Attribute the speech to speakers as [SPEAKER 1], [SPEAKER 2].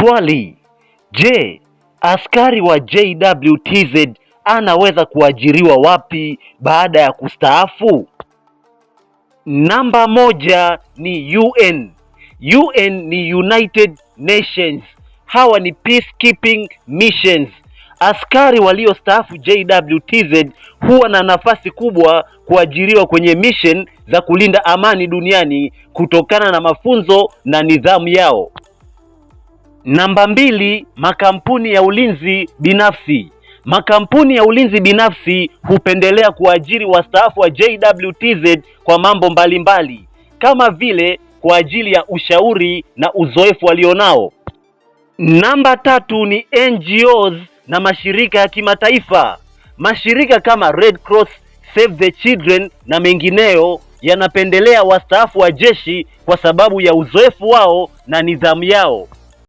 [SPEAKER 1] Swali: Je, askari wa JWTZ anaweza kuajiriwa wapi baada ya kustaafu? Namba moja ni UN. UN ni United Nations. Hawa ni peacekeeping missions. Askari waliostaafu JWTZ huwa na nafasi kubwa kuajiriwa kwenye mission za kulinda amani duniani kutokana na mafunzo na nidhamu yao. Namba mbili, makampuni ya ulinzi binafsi. Makampuni ya ulinzi binafsi hupendelea kuajiri wastaafu wa JWTZ kwa mambo mbalimbali mbali, kama vile kwa ajili ya ushauri na uzoefu walionao. Namba tatu ni NGOs na mashirika ya kimataifa. Mashirika kama Red Cross, Save the Children na mengineyo yanapendelea wastaafu wa jeshi kwa sababu ya uzoefu wao na nidhamu yao.